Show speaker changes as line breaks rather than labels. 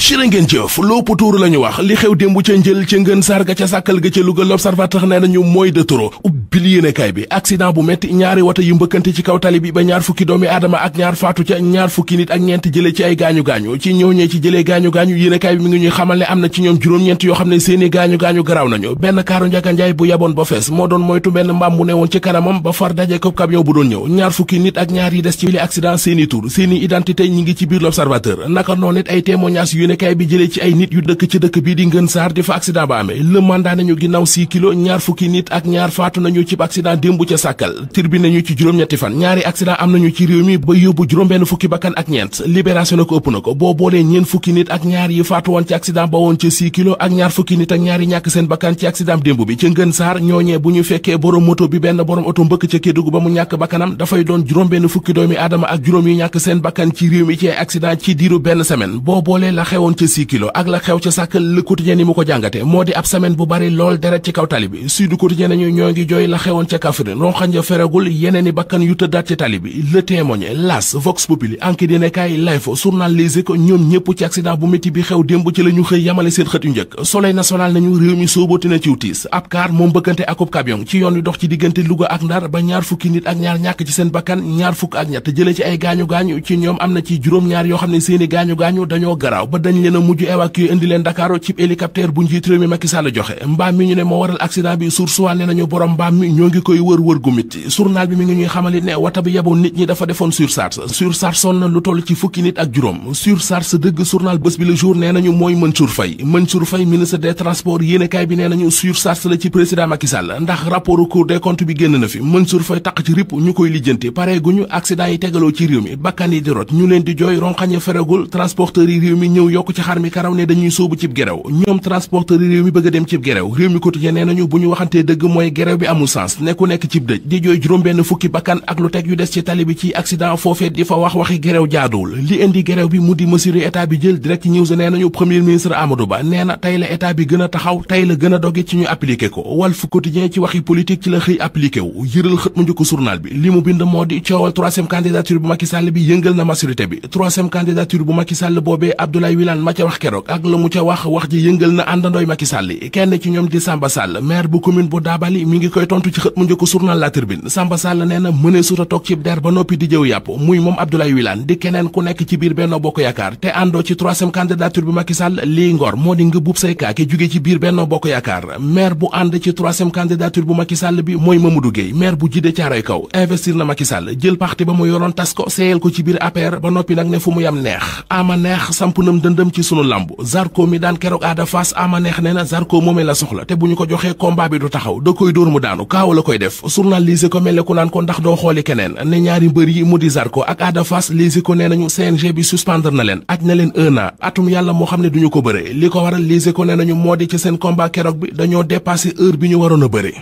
jërë ngeen jëf loppu tuuru la ñu wax li xew démb ca njël ca ngën sarga ca sàkkal ga ca Louga l'observateur nee nañu mooy de trop pili yéene kaay bi accident bu metti ñaari wata yu mbëkkante ci kaw tali bi ba ñaar fukki doomi aadama ak ñaar faatu ca ñaar fukki nit ak ñeent jële ci ay gaañu-gaañu ñëw ñee ci jëlee gaañu-gaañu yéene kaay bi mi ngi ñuy xamal ne am na ci ñoom juróom-ñeent yoo xam ne seeni gaañu-gaañu garaaw nañu benn kaaru njaganjaay bu yaboon ba fees moo doon moytu benn mbaam bu newoon ci kanamam ba far daje ko camion ñëw ñaar fukki nit ak ñaar yi des ci bile accident seeni tur seeni identité ñi ngi ci biir l'observateur naka noonu nit ay témoignage yéene kaay bi jëlee ci ay nit yu dëkk ci dëkk bii di ngën saar di fa accident ba amee le mandat nañu ginnaaw six kilo ñaar fukki nit ak ñaar faatu nañu nañu cib accident démb ca sàkkal tribune ci juróom-ñetti fan ñaari accident am nañu ci réew mi ba yóbbu juróom-benn fukki bakkan ak ñeent libération na ko ëpp na ko boo boolee ñeen fukki nit ak ñaar yi faatu woon ci accident ba woon ca 6 kilo ak ñaar fukki nit ñaari ñàkk seen bakkan ci accident démb bi ca ngën saar ñooñee bu ñu fekkee borom moto bi benn borom oto mbëkk ca Kédougou ba mu ñàkk bakkanam dafay doon juróom-benn fukki doomi aadama ak juróom yu ñàkk seen bakkan ci réew mi ci accident ci diiru benn semaine boo boolee la xewoon ak la xew ca sàkkal le quotidien mu ko jàngate moo di ab semaine bu bari lool deret ci kaw tali bi la xewoon ca Kaffrine ronxañ ja feregul yeneen i bakkan yu tëddaat ci tali bi Le L'As Vox Populi Enquête yéenekaay L'Info journal Les Échos ñoom ñëpp ci accident bu métti bi xew démb ci la xëy yamale seen xët yu njëkk Soleil national nañu réew mi sóobooti na ciw tiis ab kaar moom bëkkante akub camion ci yoon wi dox ci diggante Louga ak Ndar ba ñaar fukki nit ak ñaar ñàkk ci seen bakkan ñaar fukk ak ñett jëlee ci ay gaañu-gaañu ci ñoom am yoo xam ne seeni gaañu-gaañu dañoo garaaw ba mi ñoo ngi koy wër wër gu mit journal bi mi ngi ñuy xamali ne wata bi yeboon nit ñi dafa defoon surcharge surcharge son na lu toll ci fukki nit ak juróom surcharge dëgg journal bés bi le jour nee nañu mooy Mansour Faye Mansour Faye ministre des transports yéenekaay bi nee nañu surcharge la ci président Macky ndax rapport Cour des comptes bi génn na fi Mansour Faye taq ci ripp ñu koy lijjanti pare gu tegaloo ci réew mi bakkan di rot ñu leen sens ne ku nekk cib dëj di jooy juróom-benn fukki bakkan ak lu teg yu des ci tali bi ci accident foofee di fa wax waxi gerew jaaduwul li indi gerew bi mu di mesure état bi jël direct ci news nee nañu premier ministre Amadou Ba nee na tey la état bi gën a taxaw tey la gën doge ci ñu appliqué ko Walf Quotidien ci waxi politique ci la xëy appliqué wu xët mu njëkk journal bi li mu bind moo di coowal troisième candidature bu Macky Sall bi yëngal na majorité bi troisième candidature bu ma ca wax keroog yëngal na tontu ci nee na mënee suta toog ci der ba noppi di jëw yàpp muy moom Abdoulaye Wilane di keneen ku nekk ci biir Benno Bokk Yaakaar te àndoo ci troisième candidature bi Macky Sall lii ngor moo di nga buub say kaake jóge ci biir Benno Bokk Yaakaar maire bu ànd ci troisième candidature bu Macky Sall bi mooy Mamadou Gueye maire bu jide caaroy kaw investir na Macky Sall jël parti ba mu yoroon tas ko seeyal ko ci biir APR ba noppi nag ne fu mu yam nee da koy daanu la koy def journaliste ko mel ne naan ko ndax doo xooli keneen ne ñaari mbër yi mu di Zarko ak Ada Fass lise ko nee nañu CNG bi suspendre na leen aj na leen un atum yàlla moo xam ne duñu ko bëre li ko waral lise ko nee nañu moo di ci seen combat keroog bi dañoo dépassé heure bi ñu waroon a bëre